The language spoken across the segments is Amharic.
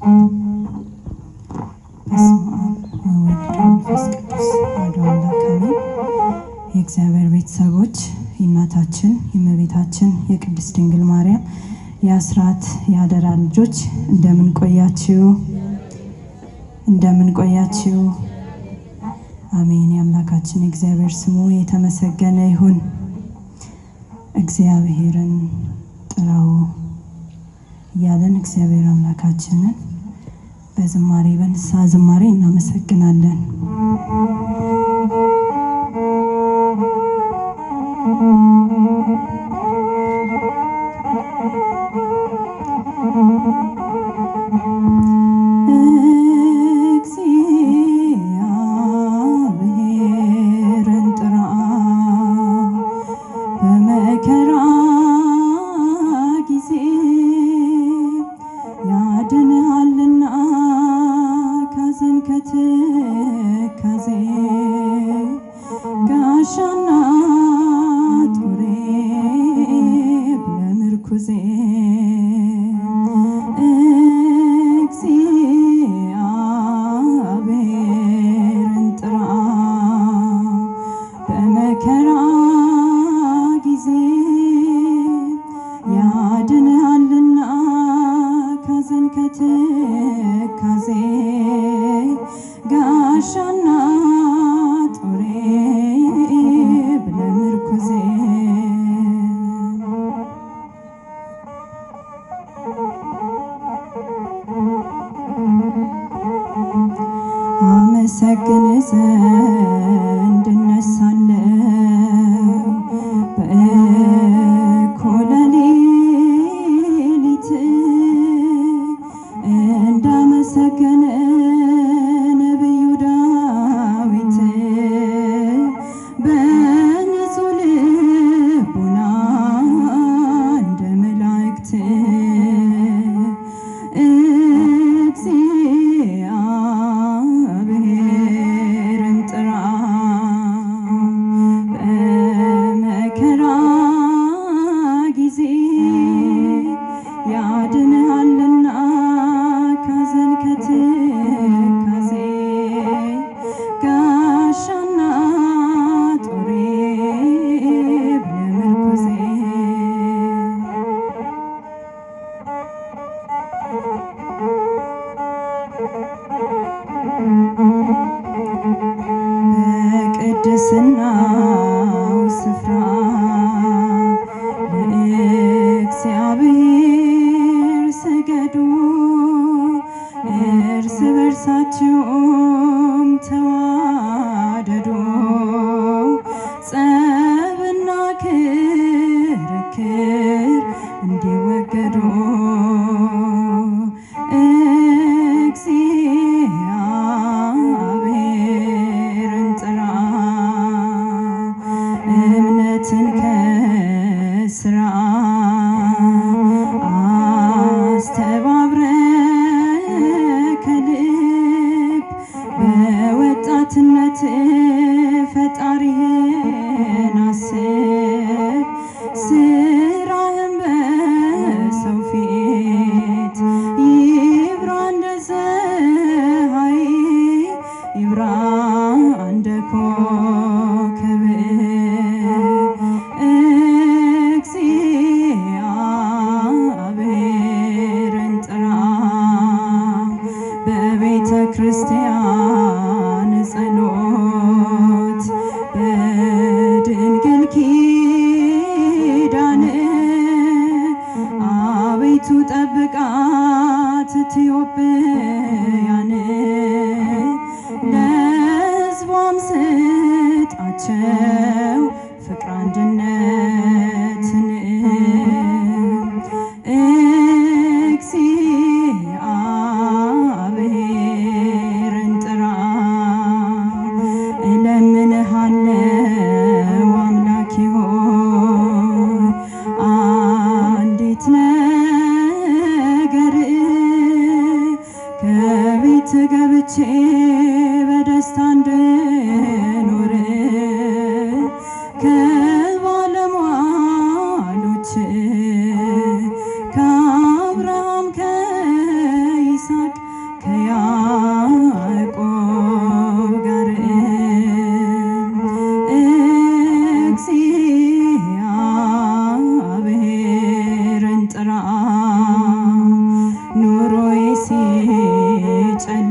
በስመ አብ ወወልድ ወመንፈስ ቅዱስ አሐዱ አምላክ አሜን። የእግዚአብሔር ቤተሰቦች የእናታችን የእመቤታችን የቅድስት ድንግል ማርያም የአስራት የአደራ ልጆች እንደምን ቆያችሁ? እንደምን ቆያችሁ? አሜን። የአምላካችን እግዚአብሔር ስሙ የተመሰገነ ይሁን። እግዚአብሔርን ጥራው እያለን እግዚአብሔር አምላካችንን በዝማሬ በንስሐ ዝማሬ እናመሰግናለን። Hashem. ነፍሳችሁም ተዋደዱ፣ ጸብና ክርክር እንዲወገዱ እግዚአብሔርን ጥራ እምነትን በድንግል ኪዳን አቤቱ ጠብቃት ኢትዮጵያን ለሕዝቧም ስጣቸው ፍቅር አንድነትን እግዚአ ሲጨን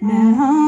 mm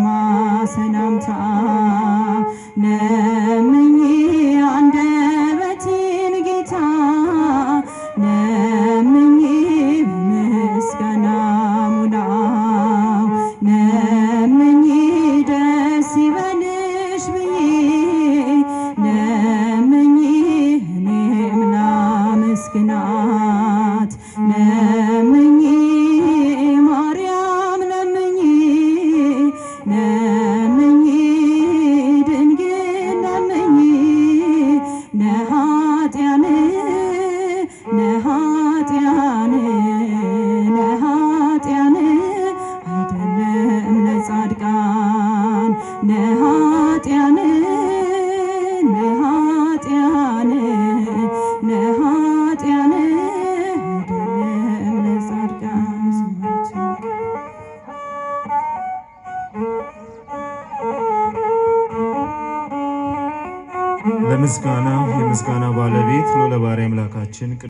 ግርማ ሰላምታ ለምኝ አንደበቴን ጌታ ለምኝ ምስጋና ሙላው ለምኝ ደስ ይበልሽ ብዬ ለምኝ እኔም ላመስግነው ነሃጥያን ነሃጥያን ነሃጥያን በምስጋና የምስጋና ባለቤት ሎለ አምላካችን